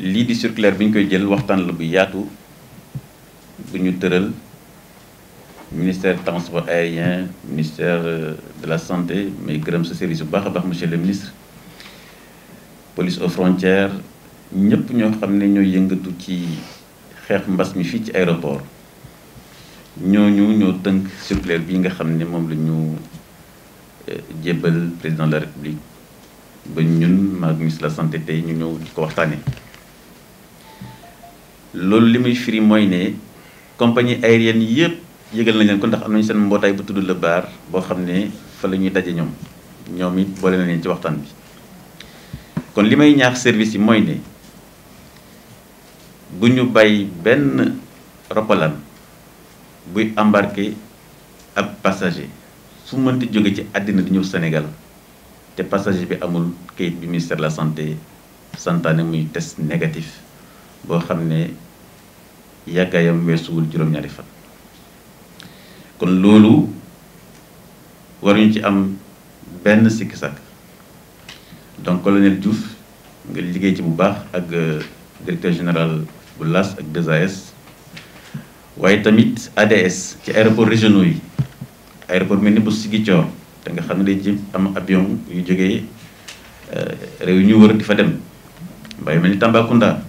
lii di circulaire bi ñu koy jël waxtaan la bu yaatu bu ñu tëral ministère transport aérien ministère euh, de la santé may gërëm sa service bu baax a baax monsieur le ministre police aux frontières ñëpp ñoo xam ne ñoo yëngatu ci xeex mbas mi fii ci aéroport ñooñu ñoo tënk circulaire bi nga xam ne moom la ñu euh, jébbal président de la république ba ñun maag ministre de la santé tey ñu ñëw di ko waxtaanee. loolu li muy firi mooy ne compagnie aérienne yëpp yëgal nañ leen ko ndax am nañu seen mbootaay bu tudd le baar boo xam ne fa la ñuy daje ñoom it boole na ci waxtaan bi kon li may ñaax service yi mooy ne bu ñu bàyyi benn roppalaan buy embarqué ab passager fu mënti jóge ci àddina di ñëw Sénégal te passager bi amul kayit bi ministère de la santé santaane muy test négatif boo xam ne yàggaayam weesuwul juróom-ñaari fan kon loolu waruñu ci am benn sikki donc colonel Diouf nga liggéey ci bu baax ak euh, directeur général bu LAS ak 2AS waaye tamit ADS ci aéroport régionaux yi aéroport mel ni bu Ziguinchor te nga xam ne day jëm am avion yu jógee euh, réew ñu wër di fa dem mbay mel ni Tambacounda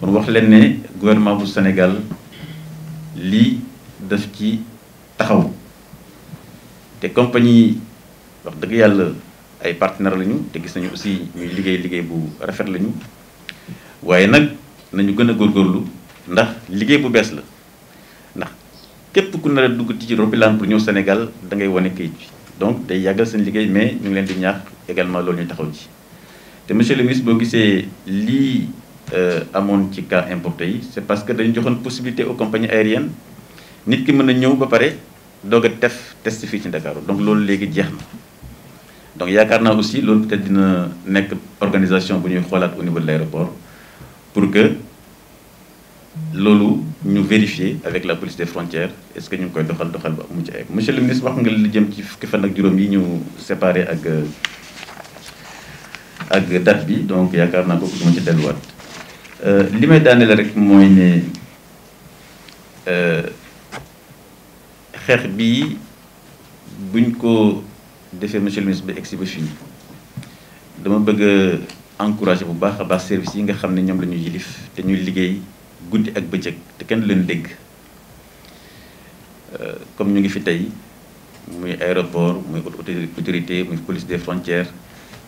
pour wax leen gouvernement du Sénégal li def ci taxaw té compagnie wax dëgg yalla ay partenaires lañu té gis nañu aussi ñuy liggéey liggéey bu rafet lañu waaye nak nañu gëna a góorgóorlu ndax liggéey bu bess la ndax képp ku nar a dugg ci roplaan pour ñëw Sénégal da ngay woné kayit ci donc day yagal seen liggéey mais ñu ngi leen di ñaax également loolu ñu taxaw ci té monsieur le ministre bo gisee li euh, amone ci cas importé yi c'est parce que dañu joxone possibilité aux compagnies aériennes nit ki mën ñëw ba paré doga def test fi ci Ndakaaru donc loolu légui jeex donc yaakaar naa aussi loolu peut-être dina nekk organisation bu ñuy xoolaat au niveau de l'aéroport pour que loolu ñu vérifier avec la police des frontières est-ce que ñu ngi koy doxal doxal ba mu ci monsieur le ministre wax nga li jëm ci fukki fan ak juróom yi ñu séparé ak ak date bi donc yaakaar naa ko du ci delluwaat Euh, li may daaneel rek mooy ne euh, xeex bii buñ ko defee monsieur le ministre ba egsi dama bëgg encourage bu baax a baax service yi nga xam ne ñoom la ñu yilif te ñuy liggéey guddi ak bëccëg te kenn du leen dégg euh, comme ñu ngi fi tey muy aéroport muy autorité muy police des frontières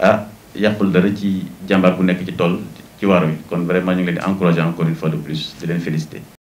ah yàqul dara ci jàmbaar bu nekk ci tool ci waar wi kon vraiment ñu ngi leen di encourager encore fois de plus di leen féliciter